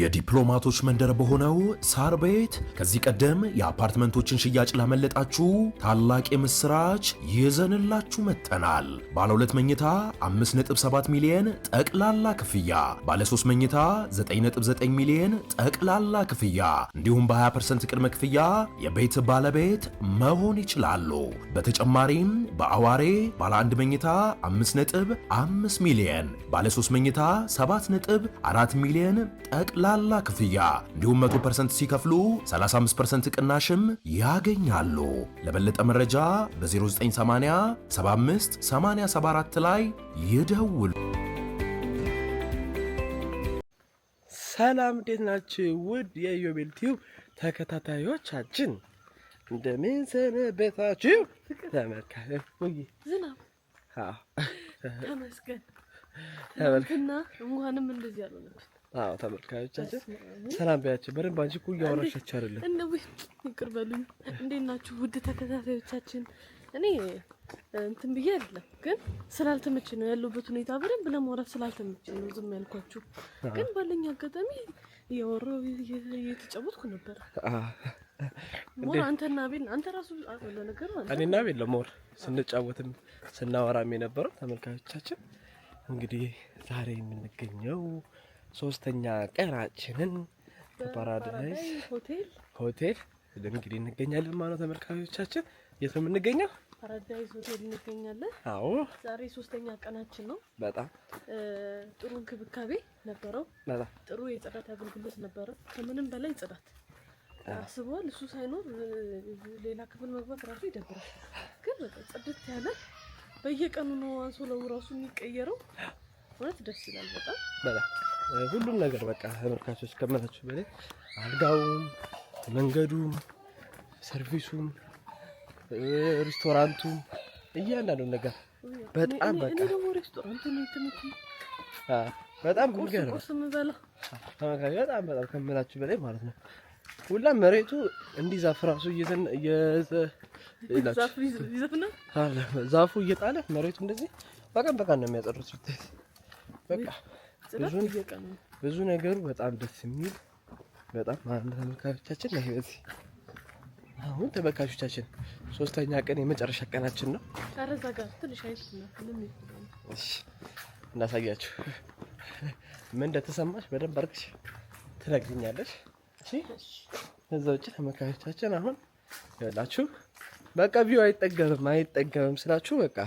የዲፕሎማቶች መንደር በሆነው ሳር ቤት ከዚህ ቀደም የአፓርትመንቶችን ሽያጭ ላመለጣችሁ ታላቅ የምስራች ይዘንላችሁ መጥተናል። ባለ ሁለት መኝታ 5.7 ሚሊዮን ጠቅላላ ክፍያ፣ ባለ 3 መኝታ 9.9 ሚሊዮን ጠቅላላ ክፍያ እንዲሁም በ20% ቅድመ ክፍያ የቤት ባለቤት መሆን ይችላሉ። በተጨማሪም በአዋሬ ባለ 1 መኝታ 5.5 ሚሊዮን፣ ባለ 3 መኝታ 7.4 ሚሊዮን ጠቅ ጠቅላላ ክፍያ እንዲሁም ፐርሰንት ሲከፍሉ 35% ቅናሽም ያገኛሉ። ለበለጠ መረጃ በ0980 75 874 ላይ ይደውሉ። ሰላም እንዴት ናችሁ? ውድ የኢዮቤል ቲዩብ ተከታታዮቻችን እንደምን ሰነበታችሁ? ተመስገን ተመልክና እንኳንም እንደዚህ አልሆነብን አዎ ተመልካዮቻችን ሰላም በያቸው። በደንብ አንቺ እኮ እያወራሻቸው አይደለም። ይቅር በሉኝ። እንዴት ናችሁ ውድ ተከታታዮቻችን? እኔ እንትን ብዬ አይደለም ግን ስላልተመቸ ነው ያለሁበት ሁኔታ በደንብ ለማውራት ስላልተመቸ ነው ዝም ያልኳችሁ። ግን ባለኝ አጋጣሚ እያወራሁ እየተጫወትኩ ነበር። ሞር አንተና ቤል አንተ ራሱ ለነገሩ እኔና ቤል ለሞር ስንጫወትም ስናወራም የነበረው ተመልካዮቻችን እንግዲህ ዛሬ የምንገኘው ሶስተኛ ቀናችንን በፓራዳይስ ሆቴል ሆቴል እንግዲህ እንገኛለን። ማነው ተመልካቾቻችን፣ የት ነው የምንገኘው? ፓራዳይስ ሆቴል እንገኛለን። አዎ ዛሬ ሶስተኛ ቀናችን ነው። በጣም ጥሩ እንክብካቤ ነበረው። በጣም ጥሩ የጽዳት አገልግሎት ነበረ። ከምንም በላይ ጽዳት አስበዋል። እሱ ሳይኖር ሌላ ክፍል መግባት ራሱ ይደብራል። ግን በቃ ጽድት ያለ በየቀኑ ነው አንሶላው ራሱ የሚቀየረው። እውነት ደስ ይላል በጣም በጣም ሁሉም ነገር በቃ ተመልካቾች ከመላችሁ በላይ አልጋውም፣ መንገዱም፣ ሰርቪሱም፣ ሬስቶራንቱም እያንዳንዱ ነገር በጣም በቃ በጣም ጉድ ነው። በጣም በጣም ከመላችሁ በላይ ማለት ነው። ሁላ መሬቱ እንዲህ ዛፍ ራሱ ዛፉ እየጣለ መሬቱ እንደዚህ በቀን በቀን ነው የሚያጠሩት። ይታይ በቃ ብዙ ነገሩ በጣም ደስ የሚል በጣም ማለት ነው። ተመልካቾቻችን ላይ በዚህ አሁን ተመልካቾቻችን ሶስተኛ ቀን የመጨረሻ ቀናችን ነው። እሺ እናሳያችሁ ምን እንደተሰማሽ በደንብ አድርግሽ ትነግሪኛለሽ። እሺ ከዛ ውጭ ተመልካቾቻችን አሁን ያላችሁ በቃ ቪው አይጠገብም አይጠገብም ስላችሁ በቃ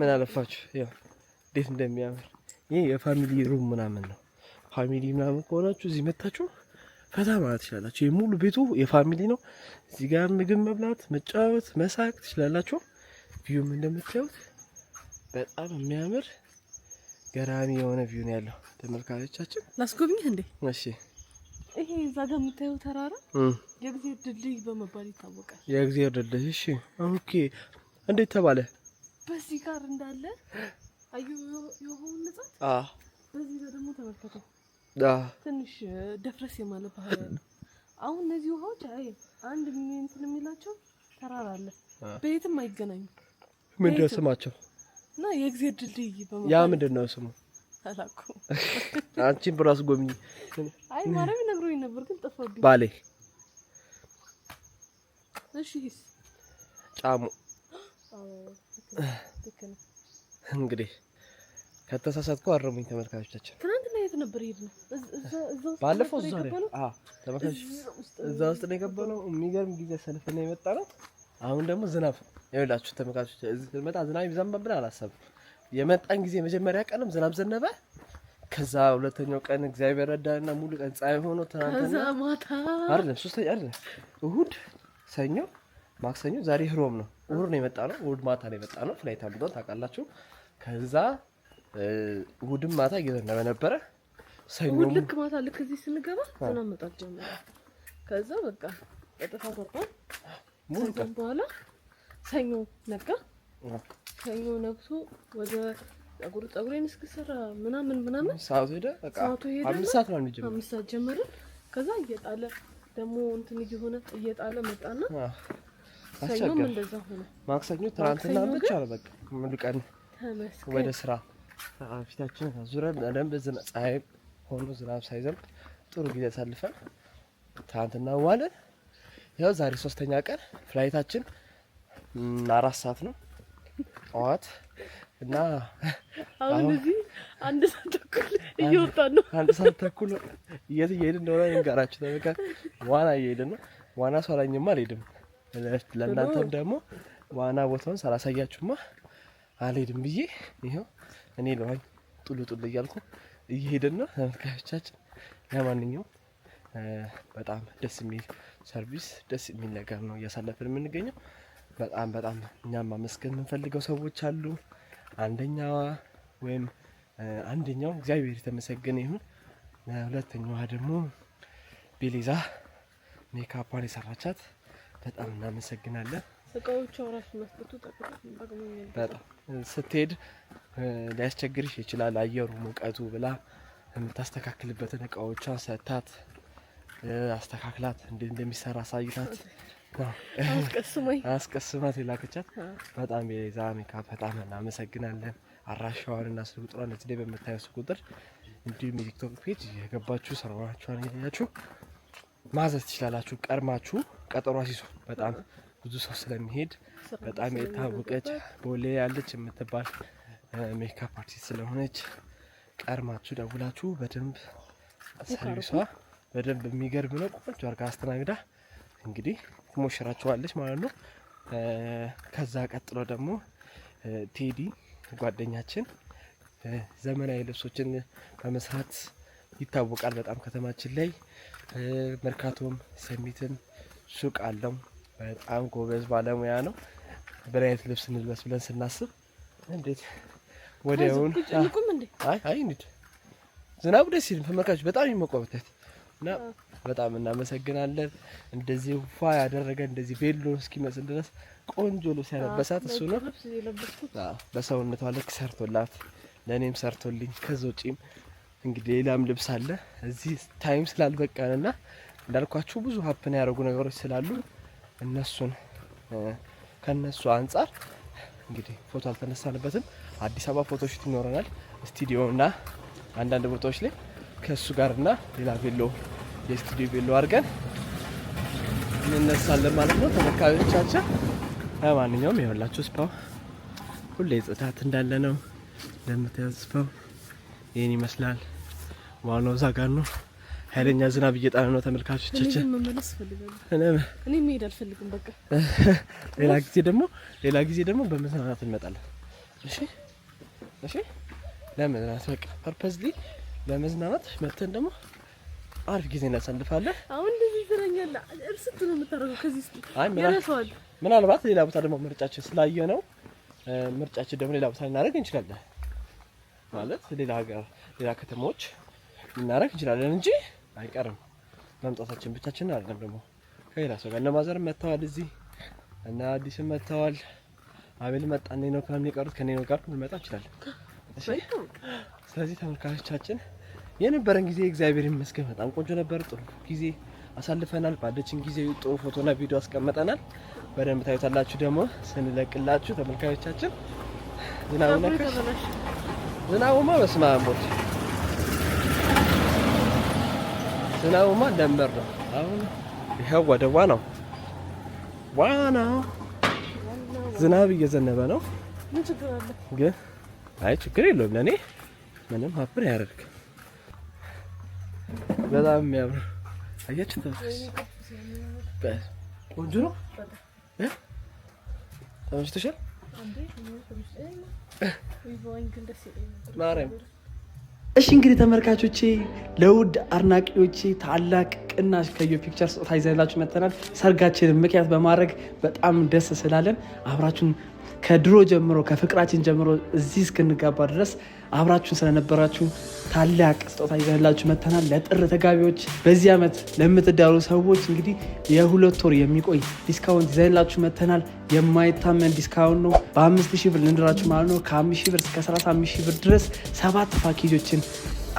ምን አለፋችሁ ያው እንዴት እንደሚያምር ይህ የፋሚሊ ሩም ምናምን ነው። ፋሚሊ ምናምን ከሆናችሁ እዚህ መታችሁ ፈታ ማለት ትችላላችሁ። ይህ ሙሉ ቤቱ የፋሚሊ ነው። እዚህ ጋር ምግብ መብላት፣ መጫወት፣ መሳቅ ትችላላችሁ። ቪዩም እንደምታዩት በጣም የሚያምር ገራሚ የሆነ ቪው ነው ያለው። ተመልካቾቻችን ላስጎብኝህ እንዴ? እሺ። ይሄ እዛ ጋር የምታየው ተራራ የእግዜር ድልድይ በመባል ይታወቃል። የእግዜር ድልድይ። እሺ። ኦኬ። እንዴት ተባለ? በዚህ ጋር እንዳለ ትንሽ ደፍረስ የማለ ባህል አሁን እነዚህ ውሃዎች አይ አንድ እንትን የሚላቸው ተራራ አለ። በየትም አይገናኙም። ምንድን ነው ስማቸው? እና የእግዜር ድልድይ ያ ምንድን ነው ስሙ? አንቺን ብራስ ጎብኝ። አይ ማርያም ነግሮኝ ነበር ግን ጠፋብኝ። ባሌ እሺ፣ ጫሙ እንግዲህ ከተሳሳትኩ አረሙኝ ተመልካቾቻችን። ትናንትና የት ነበር የሄድነው? ባለፈው እዛ ነው። አዎ ተመልካቾች፣ እዛ ውስጥ ነው የገባነው። የሚገርም ጊዜ ሰልፍና የመጣ ነው። አሁን ደግሞ ዝናብ ይኸውላችሁ ተመልካቾች፣ እዚህ ስንመጣ ዝናብ ይዘንባል ብለን አላሰብንም። የመጣን ጊዜ መጀመሪያ ቀንም ዝናብ ዘነበ። ከዛ ሁለተኛው ቀን እግዚአብሔር ረዳና ሙሉ ቀን ፀሐይ ሆኖ ትናንትና ማታ አይደለም፣ ሶስተኛ አይደለም፣ እሁድ፣ ሰኞ፣ ማክሰኞ፣ ዛሬ ህሮም ነው። እሁድ ነው የመጣ ነው። እሁድ ማታ ነው የመጣ ነው። ፍላይት አምጥተን ታውቃላችሁ ከዛ እሑድም ማታ እየዘነበ ነበረ። ሰኞ ልክ ማታ ልክ እዚህ ስንገባ ዝናብ መጣት ጀመረ። ከዛ በቃ በጥፋት ወርቋል። ከዛም በኋላ ሰኞ ነጋ። ሰኞ ነግቶ ወደ ጸጉር ጸጉሬን እስክሰራ ምናምን ምናምን ሰዓቱ ሄደ። በቃ አምስት ሰዓት ነው የሚጀምረው። አምስት ሰዓት ጀመረ። ከዛ እየጣለ ደግሞ እንትን እየሆነ እየጣለ መጣና ሰኞም እንደዛ ሆነ። ማክሰኞ ትናንትና ብቻ ነው በቃ ሙሉ ቀን ወደ ስራ ፊታችን ዙረን በደንብ ፀሐይ ሆኖ ዝናብ ሳይዘንብ ጥሩ ጊዜ አሳልፈን ትናንትና ዋለን። ያው ዛሬ ሶስተኛ ቀን ፍላይታችን አራት ሰዓት ነው ጠዋት እና አሁን እዚህ አንድ ሰዓት ተኩል እየወጣን ነው። አንድ ሰዓት ተኩል የት እየሄድን እንደሆነ ንገራችሁ። ተመልከት፣ ዋና እየሄድን ነው። ዋና ሰላኝማ አልሄድም። ለእናንተም ደግሞ ዋና ቦታውን ሳላሳያችሁማ አልሄድም ብዬ ይኸው እኔ ለዋኝ ጡል ጡል እያልኩ እየሄድን ነው ተመልካቾቻችን። ለማንኛውም በጣም ደስ የሚል ሰርቪስ፣ ደስ የሚል ነገር ነው እያሳለፍን የምንገኘው። በጣም በጣም እኛም ማመስገን የምንፈልገው ሰዎች አሉ። አንደኛዋ ወይም አንደኛው እግዚአብሔር የተመሰገነ ይሁን። ሁለተኛዋ ደግሞ ቤሌዛ ሜካፓን የሰራቻት በጣም እናመሰግናለን። እቃዎቿ ራሱ መስጠቱ በጣም ስትሄድ ሊያስቸግርሽ ይችላል አየሩ፣ ሙቀቱ ብላ የምታስተካክልበትን እቃዎቿን ሰታት አስተካክላት እንዴት እንደሚሰራ አሳይታት አስቀስማት የላከቻት በጣም የዛ ሜካፕ በጣም እናመሰግናለን። አራሻዋን እና ስልክ ቁጥሯን እዚህ ላይ በምታዩት ቁጥር እንዲሁም የቲክቶክ ፔጅ የገባችሁ ስራዎቿን እያያችሁ ማዘዝ ትችላላችሁ። ቀድማችሁ ቀጠሯ ሲሱ በጣም ብዙ ሰው ስለሚሄድ በጣም የታወቀች ቦሌ ያለች የምትባል ሜካፕ አርቲስት ስለሆነች ቀርማችሁ ደውላችሁ በደንብ ሰርቪሷ በደንብ የሚገርም ነው። ቆንጆ አርጋ አስተናግዳ እንግዲህ ትሞሽራችኋለች ማለት ነው። ከዛ ቀጥሎ ደግሞ ቴዲ ጓደኛችን ዘመናዊ ልብሶችን በመስራት ይታወቃል። በጣም ከተማችን ላይ መርካቶም ሰሚትም ሱቅ አለው። በጣም ጎበዝ ባለሙያ ነው። ብራይት ልብስ እንልበስ ብለን ስናስብ እንዴት ወዲያውን አይ አይ እንዴት ዝናቡ ደስ ይል ተመልካች በጣም ይመቆበታት እና በጣም እናመሰግናለን። እንደዚህ ፋ ያደረገ እንደዚህ ቬሎ እስኪመስል ድረስ ቆንጆ ልብስ ያለበሳት እሱ ነው። በሰውነቷ ልክ ሰርቶላት ለእኔም ሰርቶልኝ ከዚ ውጪም እንግዲህ ሌላም ልብስ አለ እዚህ ታይም ስላልበቃንና እንዳልኳችሁ ብዙ ሀፕን ያደረጉ ነገሮች ስላሉ እነሱን ከነሱ አንጻር እንግዲህ ፎቶ አልተነሳንበትም። አዲስ አበባ ፎቶ ሹት ይኖረናል። ስቱዲዮ እና አንዳንድ ቦታዎች ላይ ከእሱ ጋር እና ሌላ ቬሎ የስቱዲዮ ቬሎ አድርገን እንነሳለን ማለት ነው። ተመካቢዎቻችን ለማንኛውም የሁላችሁ ስፓው ሁሌ ጽዳት እንዳለ ነው። እንደምታየው ስፓው ይህን ይመስላል። ዋናው ዛጋ ነው። ኃይለኛ ዝናብ እየጣለ ነው ተመልካቾቻችን። እኔ መሄድ አልፈልግም። በቃ ሌላ ጊዜ ደግሞ ሌላ ጊዜ ደግሞ በመዝናናት እንመጣለን። እሺ፣ እሺ፣ ለመዝናናት በቃ ፐርፐዝሊ ለመዝናናት መተን ደግሞ አሪፍ ጊዜ እናሳልፋለን። አሁን እንደዚህ ይዘናኛል። እርስት ነው የምታደርገው ከዚህ እስቲ አይ ምናልባት ምናልባት ሌላ ቦታ ደግሞ ምርጫችን ስላየ ነው ምርጫችን ደግሞ ሌላ ቦታ ልናደርግ እንችላለን። ማለት ሌላ ሀገር ሌላ ከተሞች ልናደርግ እንችላለን እንጂ አይቀርም መምጣታችን። ብቻችን አይደለም ደግሞ ከሌላ ሰው ጋር እነማዘርም መጥተዋል፣ እዚህ እና አዲስም መጥተዋል። አቤል መጣ። እኔ ነው ከምኔ ቀሩት ከኔ ነው ጋር ልመጣ ይችላል። ስለዚህ ተመልካቾቻችን የነበረን ጊዜ እግዚአብሔር ይመስገን በጣም ቆንጆ ነበር። ጥሩ ጊዜ አሳልፈናል። ባለችን ጊዜ ጥሩ ፎቶና ቪዲዮ አስቀምጠናል። በደንብ ታዩታላችሁ ደግሞ ስንለቅላችሁ ተመልካቾቻችን። ዝናቡ ነክር ዝናቡማ በስመ አብ ዝናቡማ ደንበር ነው። አሁን ይኸው ወደ ዋናው ዋና ዝናብ እየዘነበ ነው፣ ግን አይ ችግር የለውም ለእኔ ምንም ሀብር ያደርግ በጣም የሚያምር አያችን ቆንጆ ነው። ተመችቶሻል? ማርያም እሺ እንግዲህ ተመልካቾቼ ለውድ አድናቂዎቼ ታላቅ ቅናሽ ከዮ ፒክቸር ስጦታ ይዘላችሁ መጥተናል። ሰርጋችንን ምክንያት በማድረግ በጣም ደስ ስላለን አብራችሁን ከድሮ ጀምሮ ከፍቅራችን ጀምሮ እዚህ እስክንጋባ ድረስ አብራችሁን ስለነበራችሁ ታላቅ ስጦታ ይዘንላችሁ መተናል። ለጥር ተጋቢዎች በዚህ ዓመት ለምትዳሩ ሰዎች እንግዲህ የሁለት ወር የሚቆይ ዲስካውንት ይዘንላችሁ መተናል። የማይታመን ዲስካውንት ነው። በአምስት ሺህ ብር ልንድራችሁ ማለት ነው። ከአምስት ሺህ ብር እስከ ሰላሳ አምስት ሺህ ብር ድረስ ሰባት ፓኬጆችን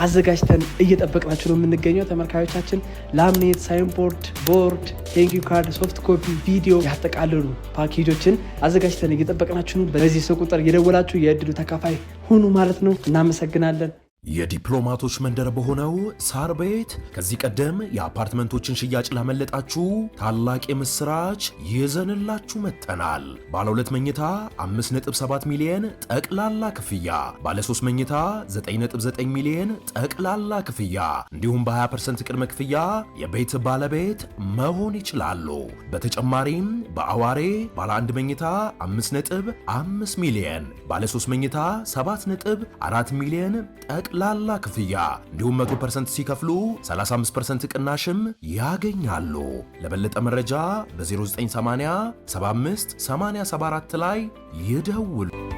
አዘጋጅተን እየጠበቅናችሁ ነው የምንገኘው ተመልካዮቻችን። ላምኔት፣ ሳይንቦርድ፣ ቦርድ፣ ቴንኪዩ ካርድ፣ ሶፍት ኮፒ፣ ቪዲዮ ያጠቃልሉ ፓኬጆችን አዘጋጅተን እየጠበቅናችሁ በዚህ ሰው ቁጥር እየደወላችሁ የእድሉ ተካፋይ ሁኑ ማለት ነው። እናመሰግናለን። የዲፕሎማቶች መንደር በሆነው ሳር ቤት ከዚህ ቀደም የአፓርትመንቶችን ሽያጭ ላመለጣችሁ ታላቅ የምስራች ይዘንላችሁ መጥተናል። ባለ ሁለት መኝታ 5.7 ሚሊዮን ጠቅላላ ክፍያ፣ ባለ 3 መኝታ 9.9 ሚሊዮን ጠቅላላ ክፍያ እንዲሁም በ20% ቅድመ ክፍያ የቤት ባለቤት መሆን ይችላሉ። በተጨማሪም በአዋሬ ባለ 1 መኝታ 5.5 ሚሊዮን ባለ 3 መኝታ 7.4 ሚሊዮን ጠቅላላ ክፍያ እንዲሁም 100% ሲከፍሉ 35% ቅናሽም ያገኛሉ። ለበለጠ መረጃ በ0980 75 ላይ ይደውሉ።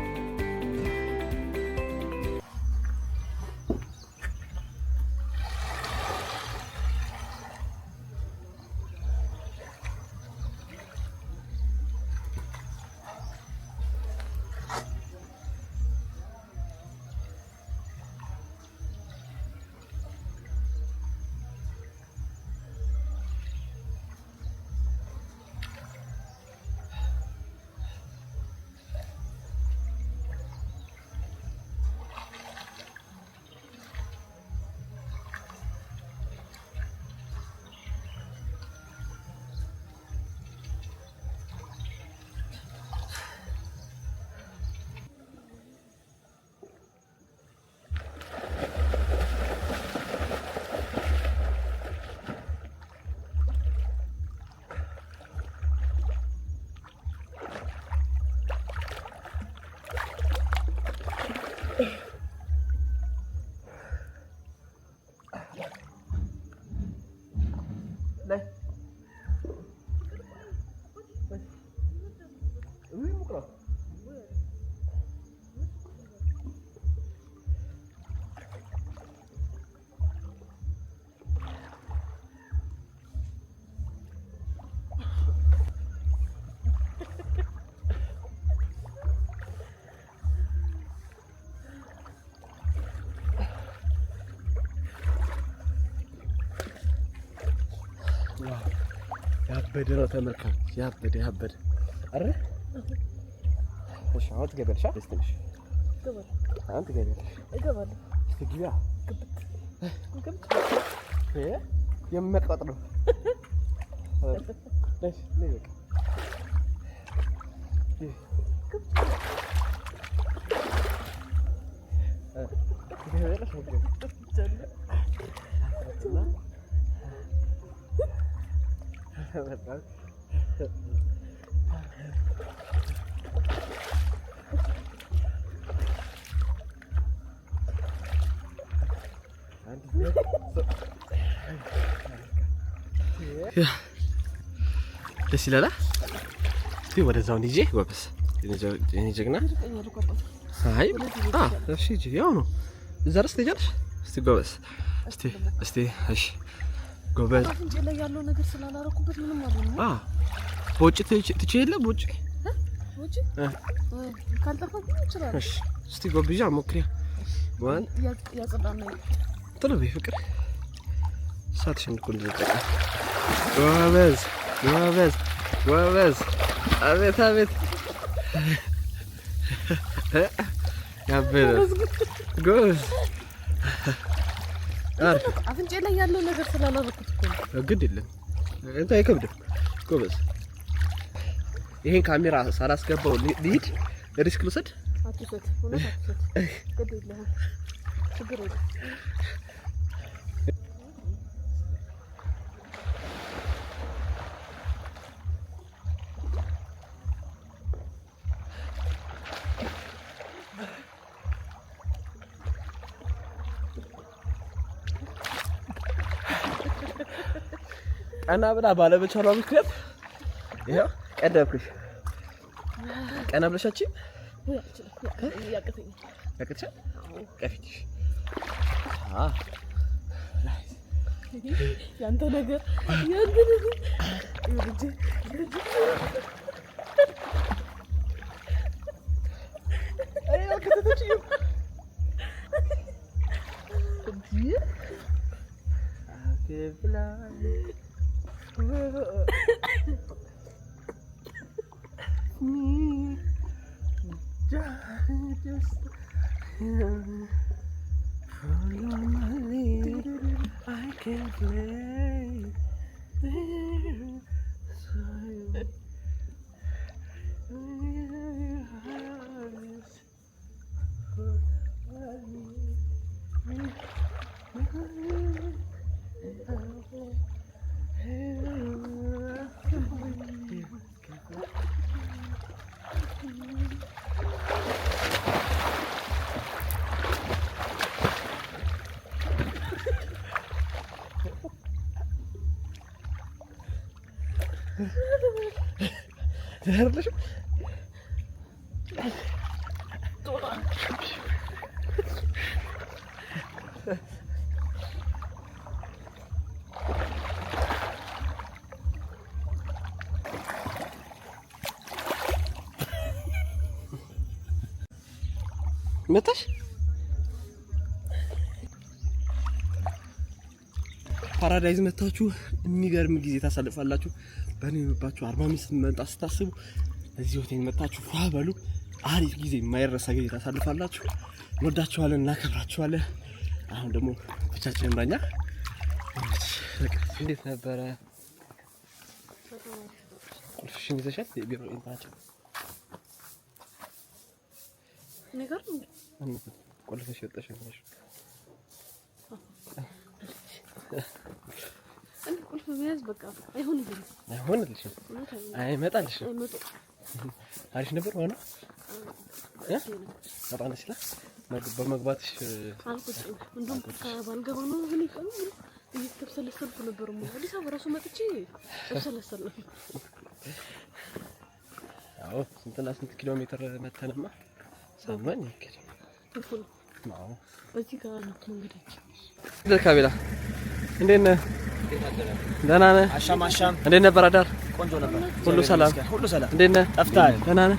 ያበደ ነው ተመልካ፣ ያበደ ያበደ። አረ እሺ፣ አሁን ትገቢያለሽ አይደል? ትንሽ አሁን ትገቢያለሽ። እገባለሁ። ግቢያ ግብት ግብት እ የሚያቅጣጥ ነው። እሺ፣ ነይ በቃ ግብት በጣም ደስ ይላል። እስቲ ወደዛው እንዲጄ ጎበስ የኔ ጀግና። አይ እሺ፣ ያው ነው እዛ ድረስ ትሄጃለሽ። እስቲ ጎበስ፣ እስቲ እስቲ፣ እሺ ጎበዝ እንጀራ ላይ ያለው ነገር ስላላረኩበት ምንም አልሆነም። አዎ በውጭ ትቼ የለ በውጭ በውጭ ካልጠፋኝ ይችላል። እሺ እስቲ ጎብዣ ሞክሪያ ዋን ያጸዳና ጥሩ ቤ ፍቅር ሳትሽን እኮ እንደዘጠቀ ጎበዝ ጎበዝ ጎበዝ። አቤት አቤት ያበረ ጎበዝ አፍንጬ ላይ ያለው ነገር ስላላረኩ ግድ የለም እንትን አይከብድም። ጎበዝ ይሄን ካሜራ ሳላስገባው ልሂድ፣ ሪስክ ልውሰድ። ቀና ብላ ባለመቻሏ ምክንያት ይኸው ቀደምኩሽ። ቀና ብለሻችን ያንተ ነገር ያንተ ነገር me just for your money I can't play there so Derdim. Dolan. Metaş? ፓራዳይዝ መታችሁ የሚገርም ጊዜ ታሳልፋላችሁ። በእኔ የመባችሁ አርባ ምንጭ መምጣት ስታስቡ እዚህ ሆቴል መታችሁ ፏ በሉ። አሪፍ ጊዜ፣ የማይረሳ ጊዜ ታሳልፋላችሁ። እንወዳችኋለን፣ እናከብራችኋለን። አሁን ደግሞ ብቻችን እምራኛ እንዴት ነበረ? ቁልፍሽን ይዘሻል? ቢሮ ናቸው ነገር ቁልፍሽ ወጣሽ ነሽ አንድ ቁልፍ መያዝ በቃ አይሆንልሽም፣ አይሆንልሽም፣ አይመጣልሽም። አሪፍ ነበር በጣም ደስ ይላል። በመግባትሽ እንደውም ባልገባ ነው እየተብሰለሰልኩ ነበር። አዲስ አበባ ራሱ መጥቼ ተብሰለሰል ነው። አዎ ስንትና ስንት ኪሎ ሜትር መተንማ ነው። በዚህ ጋር ነው መንገዳችን። እንዴት ነህ? ደህና ነህ? አሻም አሻም። እንዴት ነበር አዳር? ቆንጆ ነበር። ሁሉ ሰላም፣ ሁሉ ሰላም። እንዴት ነህ? ጠፍተሃል። ደህና ነህ?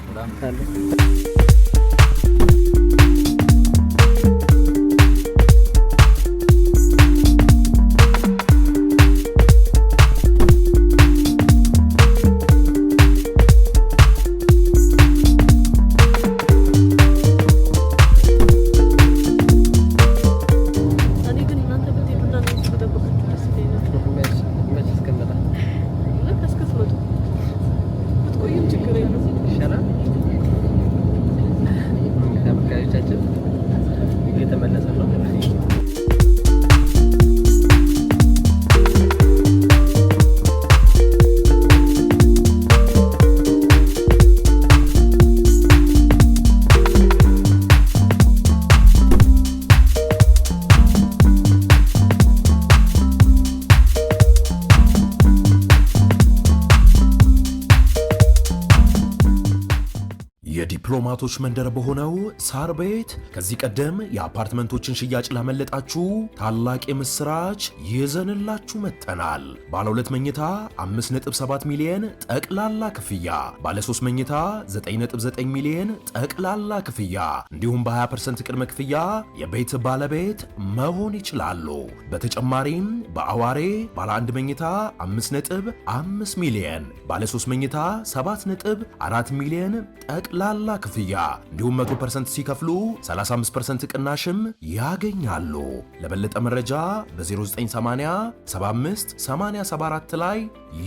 የድሆች መንደር በሆነው ሳር ቤት ከዚህ ቀደም የአፓርትመንቶችን ሽያጭ ላመለጣችሁ ታላቅ የምስራች ይዘንላችሁ መጥተናል። ባለ ሁለት መኝታ 5.7 ሚሊዮን ጠቅላላ ክፍያ፣ ባለ 3 መኝታ 9.9 ሚሊዮን ጠቅላላ ክፍያ እንዲሁም በ20% ቅድመ ክፍያ የቤት ባለቤት መሆን ይችላሉ። በተጨማሪም በአዋሬ ባለ 1 መኝታ 5.5 ሚሊዮን፣ ባለ 3 መኝታ 7.4 ሚሊዮን ጠቅላላ ክፍያ እንዲሁም 100% ሲከፍሉ 35% ቅናሽም ያገኛሉ። ለበለጠ መረጃ በ0980 75 874 ላይ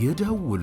ይደውሉ።